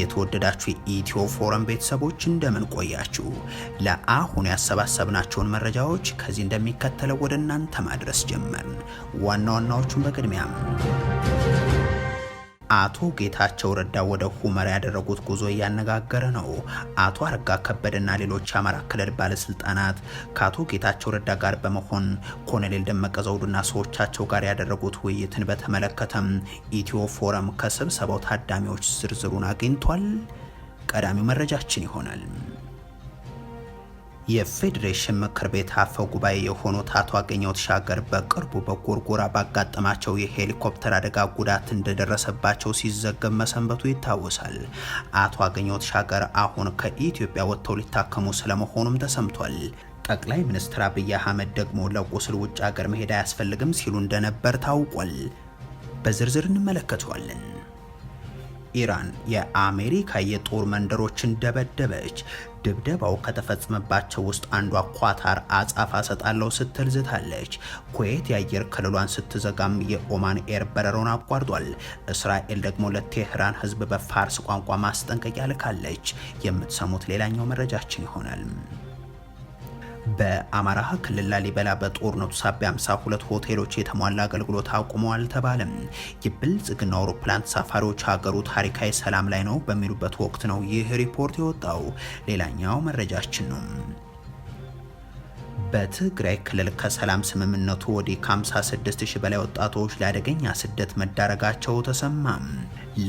የተወደዳችሁ የኢትዮ ፎረም ቤተሰቦች እንደምን ቆያችሁ? ለአሁን ያሰባሰብናቸውን መረጃዎች ከዚህ እንደሚከተለው ወደ እናንተ ማድረስ ጀመርን። ዋና ዋናዎቹን በቅድሚያም አቶ ጌታቸው ረዳ ወደ ሁመራ ያደረጉት ጉዞ እያነጋገረ ነው። አቶ አረጋ ከበደና ሌሎች የአማራ ክልል ባለስልጣናት ከአቶ ጌታቸው ረዳ ጋር በመሆን ኮሎኔል ደመቀ ዘውዱና ሰዎቻቸው ጋር ያደረጉት ውይይትን በተመለከተም ኢትዮ ፎረም ከስብሰባው ታዳሚዎች ዝርዝሩን አግኝቷል። ቀዳሚው መረጃችን ይሆናል። የፌዴሬሽን ምክር ቤት አፈ ጉባኤ የሆኑት አቶ አገኘው ተሻገር በቅርቡ በጎርጎራ ባጋጠማቸው የሄሊኮፕተር አደጋ ጉዳት እንደደረሰባቸው ሲዘገብ መሰንበቱ ይታወሳል። አቶ አገኘው ተሻገር አሁን ከኢትዮጵያ ወጥተው ሊታከሙ ስለመሆኑም ተሰምቷል። ጠቅላይ ሚኒስትር አብይ አህመድ ደግሞ ለቁስል ውጭ ሀገር መሄድ አያስፈልግም ሲሉ እንደነበር ታውቋል። በዝርዝር እንመለከተዋለን። ኢራን የአሜሪካ የጦር መንደሮችን ደበደበች። ድብደባው ከተፈጸመባቸው ውስጥ አንዷ ኳታር አጻፋ ሰጣለው ስትል ዝታለች። ኩዌት የአየር ክልሏን ስትዘጋም የኦማን ኤር በረራውን አቋርጧል። እስራኤል ደግሞ ለቴህራን ህዝብ በፋርስ ቋንቋ ማስጠንቀቂያ ልካለች። የምትሰሙት ሌላኛው መረጃችን ይሆናል። በአማራ ክልል ላሊበላ በጦርነቱ ሳቢያ 52 ሆቴሎች የተሟላ አገልግሎት አቁመዋል ተባለም። የብልጽግና አውሮፕላን ተሳፋሪዎች ሀገሩ ታሪካዊ ሰላም ላይ ነው በሚሉበት ወቅት ነው ይህ ሪፖርት የወጣው። ሌላኛው መረጃችን ነው። በትግራይ ክልል ከሰላም ስምምነቱ ወዲህ ከ56 ሺህ በላይ ወጣቶች ለአደገኛ ስደት መዳረጋቸው ተሰማ።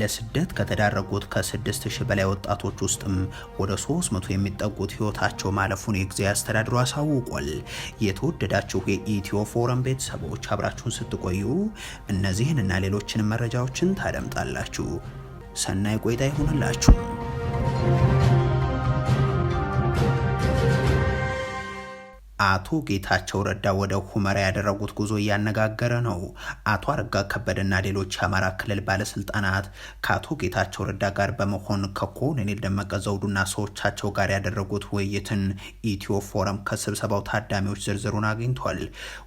ለስደት ከተዳረጉት ከ6 ሺህ በላይ ወጣቶች ውስጥም ወደ 300 የሚጠጉት ህይወታቸው ማለፉን የጊዜያዊ አስተዳደሩ አሳውቋል። የተወደዳችሁ የኢትዮ ፎረም ቤተሰቦች አብራችሁን ስትቆዩ እነዚህን እና ሌሎችንም መረጃዎችን ታደምጣላችሁ። ሰናይ ቆይታ ይሆንላችሁ። አቶ ጌታቸው ረዳ ወደ ሁመራ ያደረጉት ጉዞ እያነጋገረ ነው። አቶ አረጋ ከበደና ሌሎች የአማራ ክልል ባለስልጣናት ከአቶ ጌታቸው ረዳ ጋር በመሆን ከኮሎኔል ደመቀ ዘውዱና ሰዎቻቸው ጋር ያደረጉት ውይይትን ኢትዮ ፎረም ከስብሰባው ታዳሚዎች ዝርዝሩን አግኝቷል።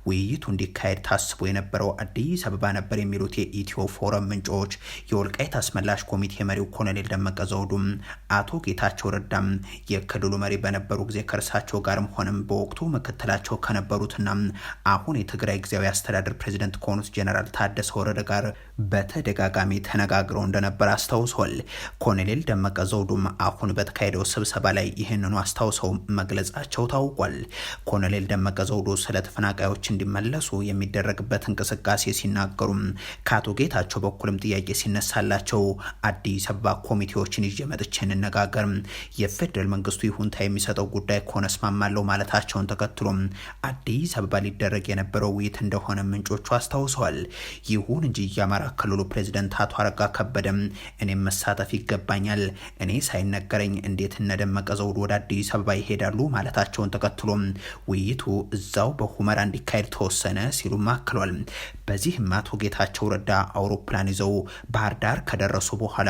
ውይይቱ እንዲካሄድ ታስቦ የነበረው አዲስ አበባ ነበር የሚሉት የኢትዮ ፎረም ምንጮች የወልቃይት አስመላሽ ኮሚቴ መሪው ኮሎኔል ደመቀ ዘውዱም አቶ ጌታቸው ረዳም የክልሉ መሪ በነበሩ ጊዜ ከእርሳቸው ጋርም ሆነም በወቅቱ ምክትላቸው ከነበሩትና አሁን የትግራይ ጊዜያዊ አስተዳደር ፕሬዚደንት ከሆኑት ጀነራል ታደሰ ወረደ ጋር በተደጋጋሚ ተነጋግረው እንደነበር አስታውሷል። ኮሎኔል ደመቀ ዘውዱም አሁን በተካሄደው ስብሰባ ላይ ይህንኑ አስታውሰው መግለጻቸው ታውቋል። ኮሎኔል ደመቀ ዘውዱ ስለ ተፈናቃዮች እንዲመለሱ የሚደረግበት እንቅስቃሴ ሲናገሩም ከአቶ ጌታቸው በኩልም ጥያቄ ሲነሳላቸው አዲስ አበባ ኮሚቴዎችን ይዤ መጥቼ እንነጋገርም የፌዴራል መንግስቱ ይሁንታ የሚሰጠው ጉዳይ ከሆነ እስማማለሁ ማለታቸውን ተከትሎ ተከትሎም አዲስ አበባ ሊደረግ የነበረው ውይይት እንደሆነ ምንጮቹ አስታውሰዋል። ይሁን እንጂ የአማራ ክልሉ ፕሬዚደንት አቶ አረጋ ከበደም እኔም መሳተፍ ይገባኛል፣ እኔ ሳይነገረኝ እንዴት እነደመቀ ዘውዱ ወደ አዲስ አበባ ይሄዳሉ ማለታቸውን ተከትሎም ውይይቱ እዛው በሁመራ እንዲካሄድ ተወሰነ ሲሉ አክሏል። በዚህም አቶ ጌታቸው ረዳ አውሮፕላን ይዘው ባህር ዳር ከደረሱ በኋላ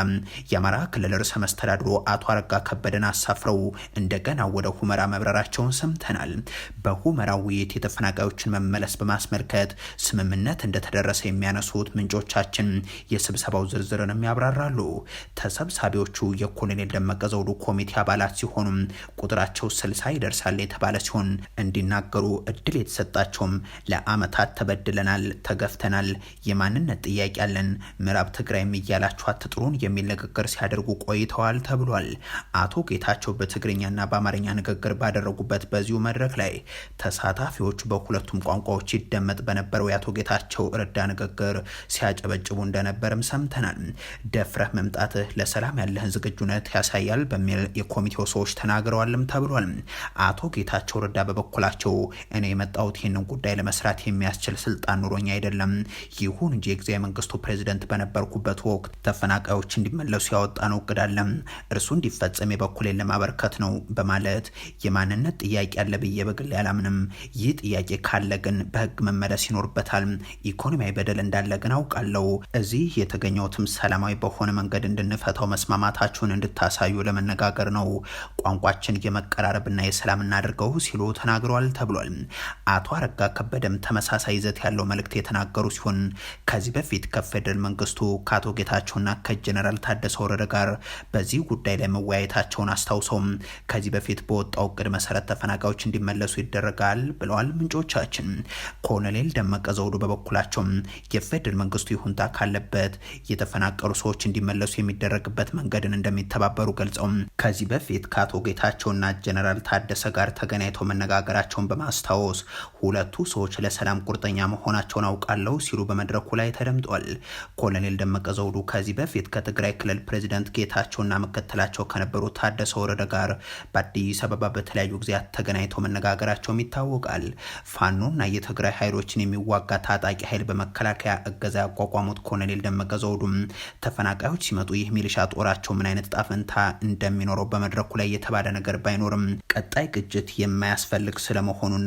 የአማራ ክልል ርዕሰ መስተዳድሩ አቶ አረጋ ከበደን አሳፍረው እንደገና ወደ ሁመራ መብረራቸውን ሰምተናል። በሁመራው ውይይት የተፈናቃዮችን መመለስ በማስመልከት ስምምነት እንደተደረሰ የሚያነሱት ምንጮቻችን የስብሰባው ዝርዝርንም ያብራራሉ። ተሰብሳቢዎቹ የኮሎኔል ደመቀ ዘውዱ ኮሚቴ አባላት ሲሆኑ ቁጥራቸው ስልሳ ይደርሳል የተባለ ሲሆን እንዲናገሩ እድል የተሰጣቸውም ለአመታት ተበድለናል፣ ተገፍተናል፣ የማንነት ጥያቄ ያለን ምዕራብ ትግራይም እያላችሁ አትጥሩን የሚል ንግግር ሲያደርጉ ቆይተዋል ተብሏል። አቶ ጌታቸው በትግርኛና በአማርኛ ንግግር ባደረጉበት በዚሁ መድረክ ላይ ተሳታፊዎች በሁለቱም ቋንቋዎች ይደመጥ በነበረው የአቶ ጌታቸው ረዳ ንግግር ሲያጨበጭቡ እንደነበርም ሰምተናል። ደፍረህ መምጣትህ ለሰላም ያለህን ዝግጁነት ያሳያል በሚል የኮሚቴው ሰዎች ተናግረዋልም ተብሏል። አቶ ጌታቸው ረዳ በበኩላቸው እኔ የመጣሁት ይህንን ጉዳይ ለመስራት የሚያስችል ስልጣን ኑሮኝ አይደለም። ይሁን እንጂ የጊዜያዊ መንግስቱ ፕሬዚደንት በነበርኩበት ወቅት ተፈናቃዮች እንዲመለሱ ያወጣ ነው እቅድ አለ። እርሱ እንዲፈጸም የበኩሌን ለማበርከት ነው በማለት የማንነት ጥያቄ አለ ብዬ በግል አላምንም። ይህ ጥያቄ ካለ ግን በህግ መመለስ ይኖርበታል። ኢኮኖሚያዊ በደል እንዳለ ግን አውቃለሁ። እዚህ የተገኘሁትም ሰላማዊ በሆነ መንገድ እንድንፈታው መስማማታችሁን እንድታሳዩ ለመነጋገር ነው። ቋንቋችን የመቀራረብና የሰላም እናድርገው ሲሉ ተናግረዋል ተብሏል። አቶ አረጋ ከበደም ተመሳሳይ ይዘት ያለው መልእክት የተናገሩ ሲሆን ከዚህ በፊት ከፌደራል መንግስቱ ከአቶ ጌታቸውና ከጀነራል ታደሰ ወረደ ጋር በዚህ ጉዳይ ላይ መወያየታቸውን አስታውሰውም ከዚህ በፊት በወጣው እቅድ መሰረት ተፈናቃዮች እንዲመለሱ ይደረጋል ብለዋል ምንጮቻችን። ኮሎኔል ደመቀ ዘውዱ በበኩላቸው የፌደራል መንግስቱ ይሁንታ ካለበት የተፈናቀሉ ሰዎች እንዲመለሱ የሚደረግበት መንገድን እንደሚተባበሩ ገልጸው ከዚህ በፊት ከአቶ ጌታቸውና ጀነራል ታደሰ ጋር ተገናኝተው መነጋገራቸውን በማስታወስ ሁለቱ ሰዎች ለሰላም ቁርጠኛ መሆናቸውን አውቃለሁ ሲሉ በመድረኩ ላይ ተደምጧል። ኮሎኔል ደመቀ ዘውዱ ከዚህ በፊት ከትግራይ ክልል ፕሬዚደንት ጌታቸውና ምክትላቸው ከነበሩ ታደሰ ወረደ ጋር በአዲስ አበባ በተለያዩ ጊዜያት ተገናኝተው መነጋገር መሞከራቸውም ይታወቃል። ፋኖና የትግራይ ኃይሎችን የሚዋጋ ታጣቂ ኃይል በመከላከያ እገዛ ያቋቋሙት ኮሎኔል ደመቀ ዘውዱም ተፈናቃዮች ሲመጡ ይህ ሚሊሻ ጦራቸው ምን አይነት ጣፈንታ እንደሚኖረው በመድረኩ ላይ የተባለ ነገር ባይኖርም ቀጣይ ግጭት የማያስፈልግ ስለመሆኑና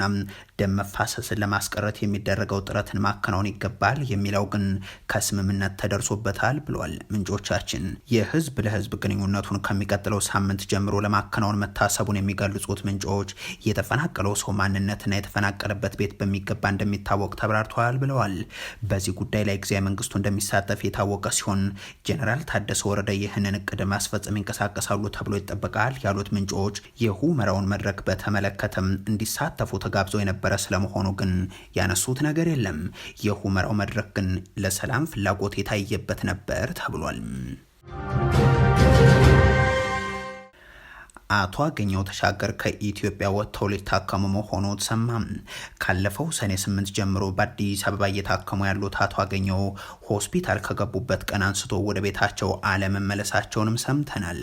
ደም መፋሰስን ለማስቀረት የሚደረገው ጥረትን ማከናወን ይገባል የሚለው ግን ከስምምነት ተደርሶበታል ብሏል። ምንጮቻችን የህዝብ ለህዝብ ግንኙነቱን ከሚቀጥለው ሳምንት ጀምሮ ለማከናወን መታሰቡን የሚገልጹት ምንጮች የተፈናቀለው የተገደለው ሰው ማንነትና የተፈናቀለበት ቤት በሚገባ እንደሚታወቅ ተብራርተዋል ብለዋል። በዚህ ጉዳይ ላይ ጊዜያዊ መንግስቱ እንደሚሳተፍ የታወቀ ሲሆን ጀኔራል ታደሰ ወረደ ይህንን እቅድ ማስፈጸም ይንቀሳቀሳሉ ተብሎ ይጠበቃል ያሉት ምንጮች የሁመራውን መድረክ በተመለከተም እንዲሳተፉ ተጋብዞ የነበረ ስለመሆኑ ግን ያነሱት ነገር የለም። የሁመራው መድረክ ግን ለሰላም ፍላጎት የታየበት ነበር ተብሏል። አቶ አገኘው ተሻገር ከኢትዮጵያ ወጥተው ሊታከሙ መሆኑ ተሰማ። ካለፈው ሰኔ ስምንት ጀምሮ በአዲስ አበባ እየታከሙ ያሉት አቶ አገኘው ሆስፒታል ከገቡበት ቀን አንስቶ ወደ ቤታቸው አለመመለሳቸውንም ሰምተናል።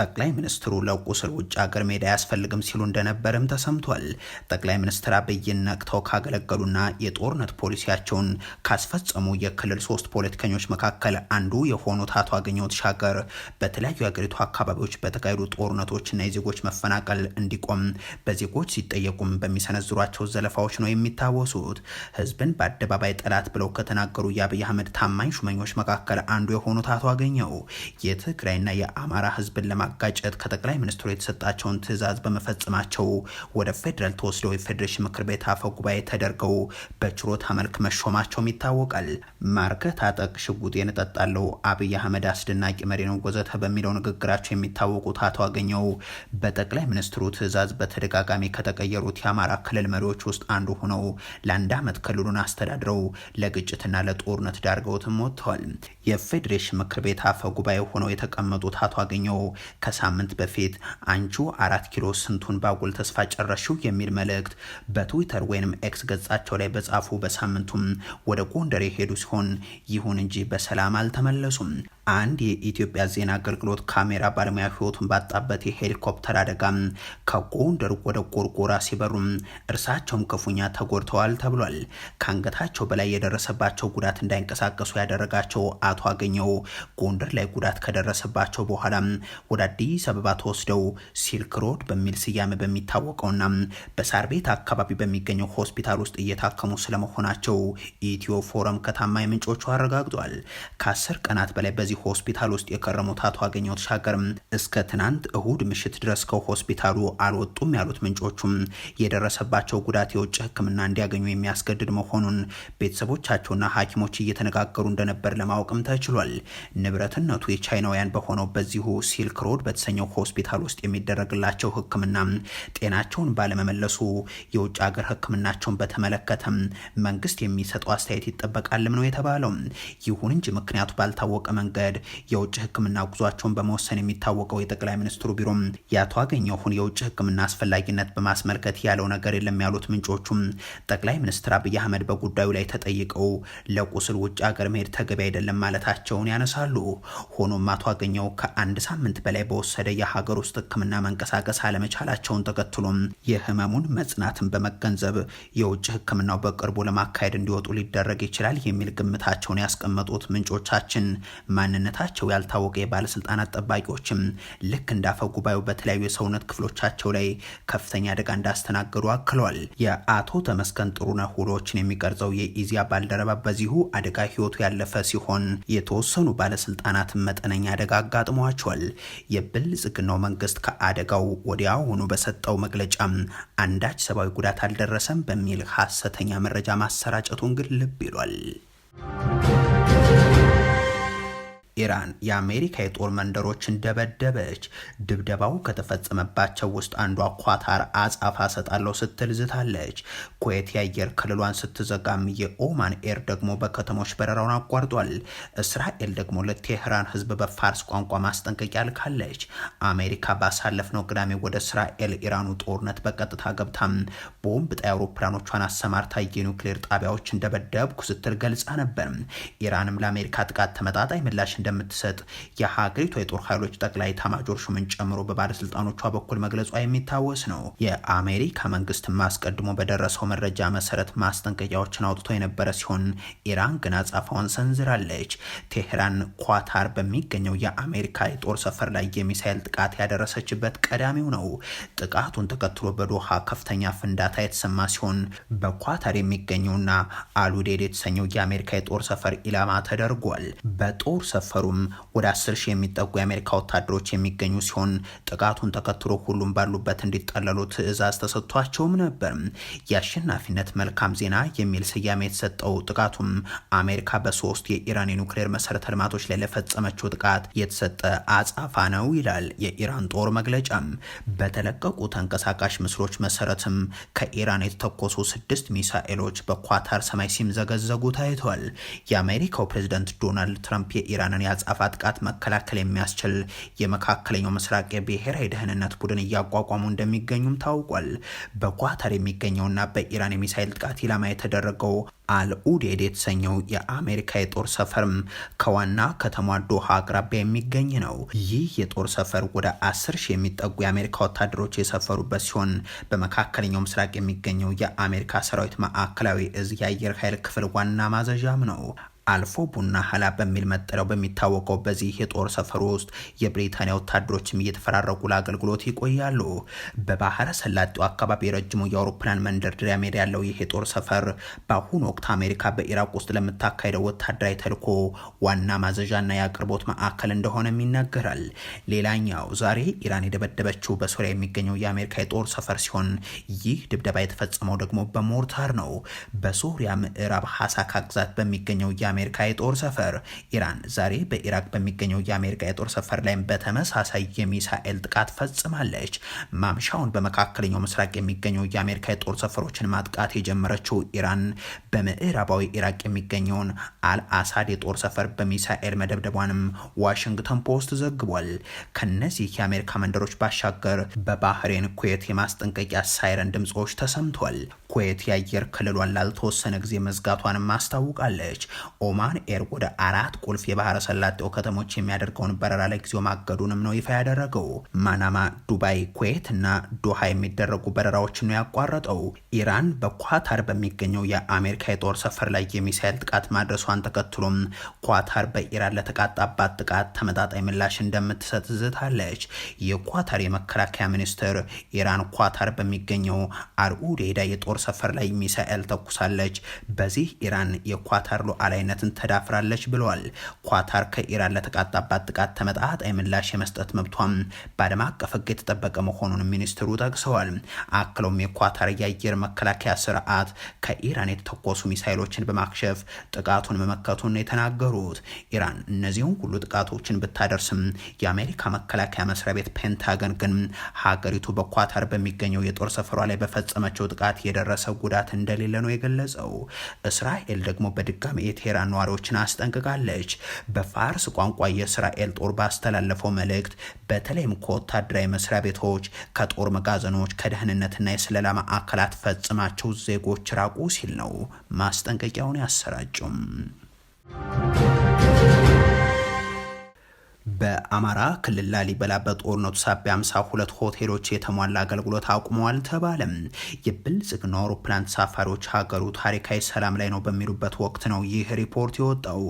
ጠቅላይ ሚኒስትሩ ለቁስል ውጭ ሀገር ሜዳ አያስፈልግም ሲሉ እንደነበርም ተሰምቷል። ጠቅላይ ሚኒስትር አብይን ነቅተው ካገለገሉና የጦርነት ፖሊሲያቸውን ካስፈጸሙ የክልል ሶስት ፖለቲከኞች መካከል አንዱ የሆኑት አቶ አገኘሁ ተሻገር በተለያዩ የሀገሪቱ አካባቢዎች በተካሄዱ ጦርነቶችና የዜጎች መፈናቀል እንዲቆም በዜጎች ሲጠየቁም በሚሰነዝሯቸው ዘለፋዎች ነው የሚታወሱት። ህዝብን በአደባባይ ጠላት ብለው ከተናገሩ የአብይ አህመድ ታማኝ ሹመኞች መካከል አንዱ የሆኑት አቶ አገኘሁ የትግራይና የአማራ ህዝብን ለማ ለማጋጨት ከጠቅላይ ሚኒስትሩ የተሰጣቸውን ትዕዛዝ በመፈጸማቸው ወደ ፌዴራል ተወስደው የፌዴሬሽን ምክር ቤት አፈ ጉባኤ ተደርገው በችሮታ መልክ መሾማቸውም ይታወቃል። ማርከ ታጠቅ ሽጉጥ የነጠጣለው አብይ አህመድ አስደናቂ መሪ ነው ወዘተ በሚለው ንግግራቸው የሚታወቁት አቶ አገኘው በጠቅላይ ሚኒስትሩ ትዕዛዝ በተደጋጋሚ ከተቀየሩት የአማራ ክልል መሪዎች ውስጥ አንዱ ሆነው ለአንድ ዓመት ክልሉን አስተዳድረው ለግጭትና ለጦርነት ዳርገውትም ወጥተዋል። የፌዴሬሽን ምክር ቤት አፈ ጉባኤ ሆነው የተቀመጡት አቶ አገኘው ከሳምንት በፊት አንቺ አራት ኪሎ ስንቱን ባጉል ተስፋ ጨረሽው የሚል መልእክት በትዊተር ወይም ኤክስ ገጻቸው ላይ በጻፉ በሳምንቱም ወደ ጎንደር የሄዱ ሲሆን ይሁን እንጂ በሰላም አልተመለሱም። አንድ የኢትዮጵያ ዜና አገልግሎት ካሜራ ባለሙያ ህይወቱን ባጣበት የሄሊኮፕተር አደጋ ከጎንደር ወደ ጎርጎራ ሲበሩም እርሳቸውም ክፉኛ ተጎድተዋል ተብሏል። ከአንገታቸው በላይ የደረሰባቸው ጉዳት እንዳይንቀሳቀሱ ያደረጋቸው አቶ አገኘው ጎንደር ላይ ጉዳት ከደረሰባቸው በኋላ ወደ አዲስ አበባ ተወስደው ሲልክ ሮድ በሚል ስያሜ በሚታወቀውና በሳር ቤት አካባቢ በሚገኘው ሆስፒታል ውስጥ እየታከሙ ስለመሆናቸው ኢትዮ ፎረም ከታማኝ ምንጮቹ አረጋግጧል። ከአስር ቀናት በላይ በዚህ እዚህ ሆስፒታል ውስጥ የከረሙት አቶ አገኘው ተሻገር እስከ ትናንት እሁድ ምሽት ድረስ ከሆስፒታሉ አልወጡም ያሉት ምንጮቹም የደረሰባቸው ጉዳት የውጭ ሕክምና እንዲያገኙ የሚያስገድድ መሆኑን ቤተሰቦቻቸውና ሐኪሞች እየተነጋገሩ እንደነበር ለማወቅም ተችሏል። ንብረትነቱ የቻይናውያን በሆነው በዚሁ ሲልክ ሮድ በተሰኘው ሆስፒታል ውስጥ የሚደረግላቸው ሕክምና ጤናቸውን ባለመመለሱ የውጭ ሀገር ሕክምናቸውን በተመለከተ መንግስት የሚሰጠው አስተያየት ይጠበቃልም ነው የተባለው። ይሁን እንጂ ምክንያቱ ባልታወቀ መንገድ በመውሰድ የውጭ ህክምና ጉዟቸውን በመወሰን የሚታወቀው የጠቅላይ ሚኒስትሩ ቢሮም የአቶ አገኘሁን የውጭ ህክምና አስፈላጊነት በማስመልከት ያለው ነገር የለም ያሉት ምንጮቹም ጠቅላይ ሚኒስትር አብይ አህመድ በጉዳዩ ላይ ተጠይቀው ለቁስል ውጭ ሀገር መሄድ ተገቢ አይደለም ማለታቸውን ያነሳሉ። ሆኖም አቶ አገኘው ከአንድ ሳምንት በላይ በወሰደ የሀገር ውስጥ ህክምና መንቀሳቀስ አለመቻላቸውን ተከትሎም የህመሙን መጽናትን በመገንዘብ የውጭ ህክምናው በቅርቡ ለማካሄድ እንዲወጡ ሊደረግ ይችላል የሚል ግምታቸውን ያስቀመጡት ምንጮቻችን ማን ማንነታቸው ያልታወቀ የባለስልጣናት ጠባቂዎችም ልክ እንዳፈ ጉባኤው በተለያዩ የሰውነት ክፍሎቻቸው ላይ ከፍተኛ አደጋ እንዳስተናገዱ አክለዋል። የአቶ ተመስገን ጥሩነህ ውሎችን የሚቀርጸው የኢዚያ ባልደረባ በዚሁ አደጋ ህይወቱ ያለፈ ሲሆን የተወሰኑ ባለስልጣናት መጠነኛ አደጋ አጋጥመዋቸዋል። የብልጽግናው መንግስት ከአደጋው ወዲያውኑ በሰጠው መግለጫ አንዳች ሰብአዊ ጉዳት አልደረሰም በሚል ሀሰተኛ መረጃ ማሰራጨቱን ግን ልብ ይሏል። ኢራን የአሜሪካ የጦር መንደሮችን ደበደበች። ድብደባው ከተፈጸመባቸው ውስጥ አንዷ ኳታር አጻፋ ሰጣለው ስትል ዝታለች። ኩዌት የአየር ክልሏን ስትዘጋም፣ የኦማን ኤር ደግሞ በከተሞች በረራውን አቋርጧል። እስራኤል ደግሞ ለቴህራን ህዝብ በፋርስ ቋንቋ ማስጠንቀቂያ ልካለች። አሜሪካ ባሳለፍነው ቅዳሜ ወደ እስራኤል ኢራኑ ጦርነት በቀጥታ ገብታም ቦምብ ጣይ አውሮፕላኖቿን አሰማርታ የኒውክሌር ጣቢያዎች እንደበደብኩ ስትል ገልጻ ነበር። ኢራንም ለአሜሪካ ጥቃት ተመጣጣኝ ምላሽ እንደ እንደምትሰጥ የሀገሪቱ የጦር ኃይሎች ጠቅላይ ኤታማዦር ሹምን ጨምሮ በባለስልጣኖቿ በኩል መግለጿ የሚታወስ ነው። የአሜሪካ መንግስት አስቀድሞ በደረሰው መረጃ መሰረት ማስጠንቀቂያዎችን አውጥቶ የነበረ ሲሆን ኢራን ግን አጻፋውን ሰንዝራለች። ቴህራን ኳታር በሚገኘው የአሜሪካ የጦር ሰፈር ላይ የሚሳይል ጥቃት ያደረሰችበት ቀዳሚው ነው። ጥቃቱን ተከትሎ በዶሃ ከፍተኛ ፍንዳታ የተሰማ ሲሆን በኳታር የሚገኘውና አሉዴድ የተሰኘው የአሜሪካ የጦር ሰፈር ኢላማ ተደርጓል። በጦር ሰፈሩ ነበሩም። ወደ 10 ሺህ የሚጠጉ የአሜሪካ ወታደሮች የሚገኙ ሲሆን ጥቃቱን ተከትሎ ሁሉም ባሉበት እንዲጠለሉ ትዕዛዝ ተሰጥቷቸውም ነበር። የአሸናፊነት መልካም ዜና የሚል ስያሜ የተሰጠው ጥቃቱም አሜሪካ በሶስት የኢራን የኒውክሌር መሰረተ ልማቶች ላይ ለፈጸመችው ጥቃት የተሰጠ አጻፋ ነው ይላል የኢራን ጦር መግለጫ። በተለቀቁ ተንቀሳቃሽ ምስሎች መሰረትም ከኢራን የተተኮሱ ስድስት ሚሳኤሎች በኳታር ሰማይ ሲምዘገዘጉ ታይተዋል። የአሜሪካው ፕሬዝደንት ዶናልድ ትራምፕ የኢራንን የአጸፋ ጥቃት መከላከል የሚያስችል የመካከለኛው ምስራቅ የብሔራዊ ደህንነት ቡድን እያቋቋሙ እንደሚገኙም ታውቋል። በኳታር የሚገኘውና በኢራን የሚሳይል ጥቃት ኢላማ የተደረገው አልኡዴድ የተሰኘው የአሜሪካ የጦር ሰፈርም ከዋና ከተማ ዶሃ አቅራቢያ የሚገኝ ነው። ይህ የጦር ሰፈር ወደ አስር ሺህ የሚጠጉ የአሜሪካ ወታደሮች የሰፈሩበት ሲሆን በመካከለኛው ምስራቅ የሚገኘው የአሜሪካ ሰራዊት ማዕከላዊ እዝ የአየር ኃይል ክፍል ዋና ማዘዣም ነው። አልፎ ቡና ሀላ በሚል መጠሪያው በሚታወቀው በዚህ የጦር ሰፈሩ ውስጥ የብሪታንያ ወታደሮችም እየተፈራረቁ ለአገልግሎት ይቆያሉ። በባህረ ሰላጤው አካባቢ የረጅሙ የአውሮፕላን መንደርደሪያ ሜዳ ያለው ይህ የጦር ሰፈር በአሁኑ ወቅት አሜሪካ በኢራቅ ውስጥ ለምታካሄደው ወታደራዊ ተልኮ ዋና ማዘዣና የአቅርቦት ማዕከል እንደሆነም ይናገራል። ሌላኛው ዛሬ ኢራን የደበደበችው በሶሪያ የሚገኘው የአሜሪካ የጦር ሰፈር ሲሆን ይህ ድብደባ የተፈጸመው ደግሞ በሞርታር ነው። በሶሪያ ምዕራብ ሀሳካ ግዛት በሚገኘው የአሜሪካ የጦር ሰፈር ኢራን ዛሬ በኢራቅ በሚገኘው የአሜሪካ የጦር ሰፈር ላይም በተመሳሳይ የሚሳኤል ጥቃት ፈጽማለች። ማምሻውን በመካከለኛው ምስራቅ የሚገኘው የአሜሪካ የጦር ሰፈሮችን ማጥቃት የጀመረችው ኢራን በምዕራባዊ ኢራቅ የሚገኘውን አልአሳድ የጦር ሰፈር በሚሳኤል መደብደቧንም ዋሽንግተን ፖስት ዘግቧል። ከነዚህ የአሜሪካ መንደሮች ባሻገር በባህሬን ኩዌት የማስጠንቀቂያ ሳይረን ድምፆች ተሰምቷል። ኩዌት የአየር ክልሏን ላልተወሰነ ጊዜ መዝጋቷንም አስታውቃለች። ኦማን ኤር ወደ አራት ቁልፍ የባህረ ሰላጤው ከተሞች የሚያደርገውን በረራ ለጊዜው ማገዱንም ነው ይፋ ያደረገው። ማናማ፣ ዱባይ፣ ኩዌት እና ዶሃ የሚደረጉ በረራዎችን ነው ያቋረጠው። ኢራን በኳታር በሚገኘው የአሜሪካ የጦር ሰፈር ላይ የሚሳይል ጥቃት ማድረሷን ተከትሎም ኳታር በኢራን ለተቃጣባት ጥቃት ተመጣጣኝ ምላሽ እንደምትሰጥ ዝታለች። የኳታር የመከላከያ ሚኒስትር ኢራን ኳታር በሚገኘው አርኡዴዳ የጦር ሰፈር ላይ ሚሳኤል ተኩሳለች። በዚህ ኢራን የኳታር ሉዓላዊነት ሉዓላዊነትን ተዳፍራለች ብለዋል። ኳታር ከኢራን ለተቃጣባት ጥቃት ተመጣጣኝ ምላሽ የመስጠት መብቷም በዓለም አቀፍ ሕግ የተጠበቀ መሆኑን ሚኒስትሩ ጠቅሰዋል። አክለውም የኳታር የአየር መከላከያ ስርዓት ከኢራን የተተኮሱ ሚሳይሎችን በማክሸፍ ጥቃቱን መመከቱን የተናገሩት ኢራን እነዚህን ሁሉ ጥቃቶችን ብታደርስም የአሜሪካ መከላከያ መስሪያ ቤት ፔንታገን ግን ሀገሪቱ በኳታር በሚገኘው የጦር ሰፈሯ ላይ በፈጸመችው ጥቃት የደረሰ ጉዳት እንደሌለ ነው የገለጸው። እስራኤል ደግሞ በድጋሚ የቴህራን ነዋሪዎችን አስጠንቅቃለች። በፋርስ ቋንቋ የእስራኤል ጦር ባስተላለፈው መልእክት በተለይም ከወታደራዊ መስሪያ ቤቶች፣ ከጦር መጋዘኖች፣ ከደህንነትና የስለላ ማዕከላት ፈጽማቸው ዜጎች ራቁ ሲል ነው ማስጠንቀቂያውን ያሰራጩም። በአማራ ክልል ላሊበላ በጦርነቱ ሳቢያ አምሳ ሁለት ሆቴሎች የተሟላ አገልግሎት አቁመዋል ተባለም። የብልጽግና አውሮፕላን ተሳፋሪዎች ሀገሩ ታሪካዊ ሰላም ላይ ነው በሚሉበት ወቅት ነው ይህ ሪፖርት የወጣው።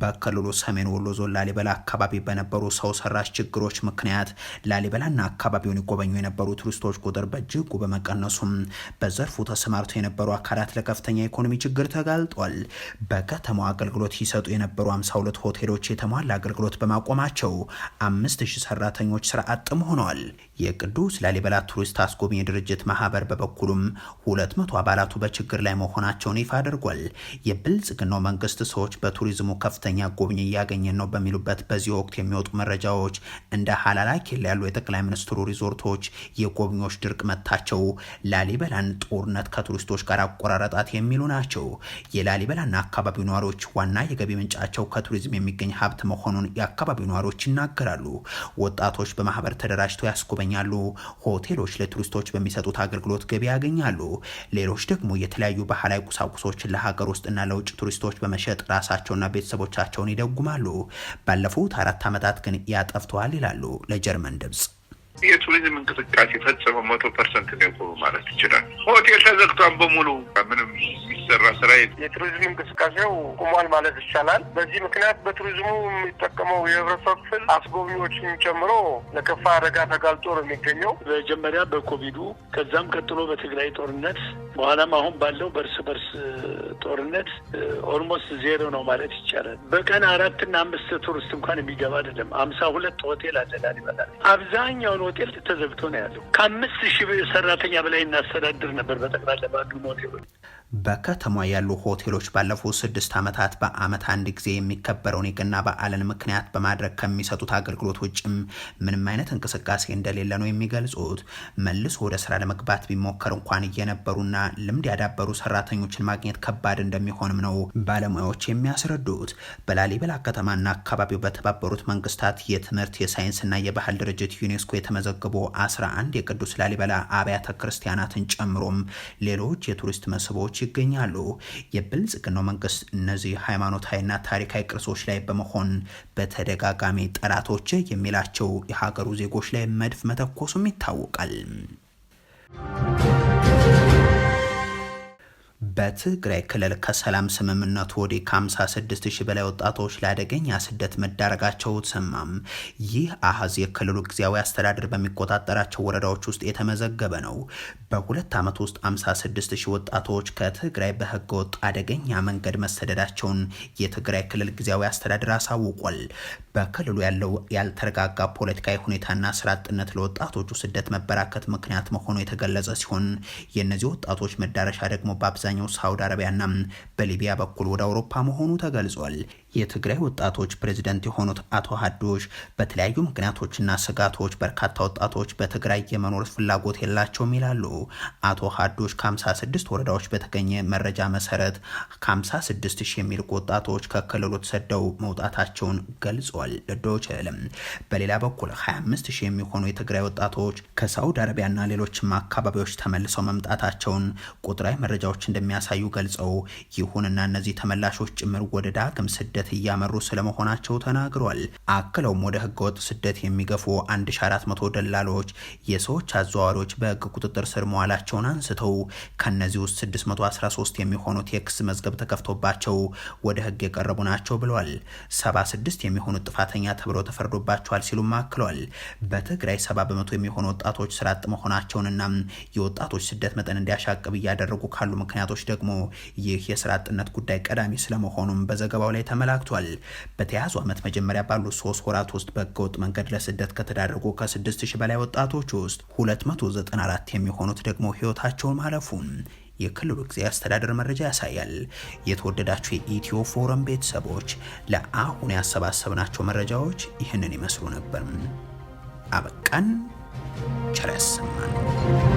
በክልሉ ሰሜን ወሎ ዞን ላሊበላ አካባቢ በነበሩ ሰው ሰራሽ ችግሮች ምክንያት ላሊበላና አካባቢውን ይጎበኙ የነበሩ ቱሪስቶች ቁጥር በእጅጉ በመቀነሱም በዘርፉ ተሰማርተው የነበሩ አካላት ለከፍተኛ ኢኮኖሚ ችግር ተጋልጧል። በከተማው አገልግሎት ይሰጡ የነበሩ ሃምሳ ሁለት ሆቴሎች የተሟላ አገልግሎት በማቆማቸው ናቸው። አምስት ሺህ ሰራተኞች ስራ አጥም ሆነዋል። የቅዱስ ላሊበላ ቱሪስት አስጎብኝ ድርጅት ማህበር በበኩሉም ሁለት መቶ አባላቱ በችግር ላይ መሆናቸውን ይፋ አድርጓል። የብልጽግናው መንግስት ሰዎች በቱሪዝሙ ከፍተኛ ጎብኝ እያገኘን ነው በሚሉበት በዚህ ወቅት የሚወጡ መረጃዎች እንደ ሀላላ ኬላ ያሉ የጠቅላይ ሚኒስትሩ ሪዞርቶች የጎብኚዎች ድርቅ መታቸው፣ ላሊበላን ጦርነት ከቱሪስቶች ጋር አቆራረጣት የሚሉ ናቸው። የላሊበላና አካባቢው ነዋሪዎች ዋና የገቢ ምንጫቸው ከቱሪዝም የሚገኝ ሀብት መሆኑን የአካባቢው ነዋሪዎች ይናገራሉ። ወጣቶች በማህበር ተደራጅተው ያስጎበ ይጎበኛሉ። ሆቴሎች ለቱሪስቶች በሚሰጡት አገልግሎት ገቢ ያገኛሉ። ሌሎች ደግሞ የተለያዩ ባህላዊ ቁሳቁሶችን ለሀገር ውስጥና ለውጭ ቱሪስቶች በመሸጥ ራሳቸውና ቤተሰቦቻቸውን ይደጉማሉ። ባለፉት አራት ዓመታት ግን ያጠፍተዋል ይላሉ ለጀርመን ድምፅ። የቱሪዝም እንቅስቃሴ ፈጽመ መቶ ፐርሰንት ነው የቆመ ማለት ይችላል። ሆቴል ተዘግቷን በሙሉ ምንም የሚሰራ ስራ የቱሪዝም እንቅስቃሴው ቁሟል ማለት ይቻላል። በዚህ ምክንያት በቱሪዝሙ የሚጠቀመው የህብረተሰብ ክፍል አስጎብኚዎችን ጨምሮ ለከፋ አደጋ ተጋልጦ ነው የሚገኘው። መጀመሪያ በኮቪዱ ከዛም ቀጥሎ በትግራይ ጦርነት በኋላም አሁን ባለው በእርስ በርስ ጦርነት ኦልሞስት ዜሮ ነው ማለት ይቻላል። በቀን አራትና አምስት ቱሪስት እንኳን የሚገባ አይደለም። አምሳ ሁለት ሆቴል አለ ላሊበላ አብዛኛው ሆቴል ተዘግቶ ነው ያለው። ከአምስት ሺህ ሰራተኛ በላይ እናስተዳድር ነበር በጠቅላላ በአንዱ ሆቴል በከተማ ያሉ ሆቴሎች ባለፉት ስድስት ዓመታት በአመት አንድ ጊዜ የሚከበረውን የገና በዓልን ምክንያት በማድረግ ከሚሰጡት አገልግሎት ውጭም ምንም አይነት እንቅስቃሴ እንደሌለ ነው የሚገልጹት። መልሶ ወደ ስራ ለመግባት ቢሞከር እንኳን እየነበሩና ልምድ ያዳበሩ ሰራተኞችን ማግኘት ከባድ እንደሚሆንም ነው ባለሙያዎች የሚያስረዱት። በላሊበላ ከተማና አካባቢው በተባበሩት መንግስታት የትምህርት የሳይንስና የባህል ድርጅት ዩኔስኮ የተመዘገቡ 11 የቅዱስ ላሊበላ አብያተ ክርስቲያናትን ጨምሮም ሌሎች የቱሪስት መስህቦች ቡድኖች ይገኛሉ። የብልጽግናው መንግስት እነዚህ ሃይማኖታዊና ታሪካዊ ቅርሶች ላይ በመሆን በተደጋጋሚ ጠላቶች የሚላቸው የሀገሩ ዜጎች ላይ መድፍ መተኮሱም ይታወቃል። በትግራይ ክልል ከሰላም ስምምነቱ ወዲህ ከ56 ሺህ በላይ ወጣቶች ለአደገኛ ስደት መዳረጋቸው ሰማም። ይህ አሃዝ የክልሉ ጊዜያዊ አስተዳደር በሚቆጣጠራቸው ወረዳዎች ውስጥ የተመዘገበ ነው። በሁለት ዓመት ውስጥ 56 ሺህ ወጣቶች ከትግራይ በህገወጥ አደገኛ መንገድ መሰደዳቸውን የትግራይ ክልል ጊዜያዊ አስተዳደር አሳውቋል። በክልሉ ያለው ያልተረጋጋ ፖለቲካዊ ሁኔታና ስራ አጥነት ለወጣቶቹ ስደት መበራከት ምክንያት መሆኑ የተገለጸ ሲሆን የእነዚህ ወጣቶች መዳረሻ ደግሞ በአብዛ በአብዛኛው ሳውዲ አረቢያና በሊቢያ በኩል ወደ አውሮፓ መሆኑ ተገልጿል። የትግራይ ወጣቶች ፕሬዚደንት የሆኑት አቶ ሀዱሽ በተለያዩ ምክንያቶችና ስጋቶች በርካታ ወጣቶች በትግራይ የመኖር ፍላጎት የላቸውም ይላሉ። አቶ ሀዱሽ ከ56 ወረዳዎች በተገኘ መረጃ መሰረት ከ56 ሺህ የሚልቁ ወጣቶች ከክልሉ ተሰደው መውጣታቸውን ገልጿል። ዶችልም በሌላ በኩል 25 ሺህ የሚሆኑ የትግራይ ወጣቶች ከሳውዲ አረቢያና ሌሎችም አካባቢዎች ተመልሰው መምጣታቸውን ቁጥራዊ መረጃዎች እንደሚያሳዩ ገልጸው ይሁንና እነዚህ ተመላሾች ጭምር ወደ ዳግም ስደት ስደት እያመሩ ስለመሆናቸው ተናግሯል። አክለውም ወደ ህገወጥ ስደት የሚገፉ 1400 ደላሎች፣ የሰዎች አዘዋዋሪዎች በህግ ቁጥጥር ስር መዋላቸውን አንስተው ከነዚህ ውስጥ 613 የሚሆኑት የክስ መዝገብ ተከፍቶባቸው ወደ ህግ የቀረቡ ናቸው ብለዋል። 76 የሚሆኑት ጥፋተኛ ተብለው ተፈርዶባቸዋል ሲሉም አክለዋል። በትግራይ 70 በመቶ የሚሆኑ ወጣቶች ስራ አጥ መሆናቸውንና የወጣቶች ስደት መጠን እንዲያሻቅብ እያደረጉ ካሉ ምክንያቶች ደግሞ ይህ የስራ አጥነት ጉዳይ ቀዳሚ ስለመሆኑም በዘገባው ላይ ተመ አመላክቷል። በተያዙ ዓመት መጀመሪያ ባሉ ሶስት ወራት ውስጥ በህገወጥ መንገድ ለስደት ከተዳረጉ ከ6000 በላይ ወጣቶች ውስጥ 294 የሚሆኑት ደግሞ ህይወታቸውን ማለፉን የክልሉ ጊዜያዊ አስተዳደር መረጃ ያሳያል። የተወደዳችሁ የኢትዮ ፎረም ቤተሰቦች ለአሁን ያሰባሰብናቸው መረጃዎች ይህንን ይመስሉ ነበር። አበቃን። ቸር ያሰማን።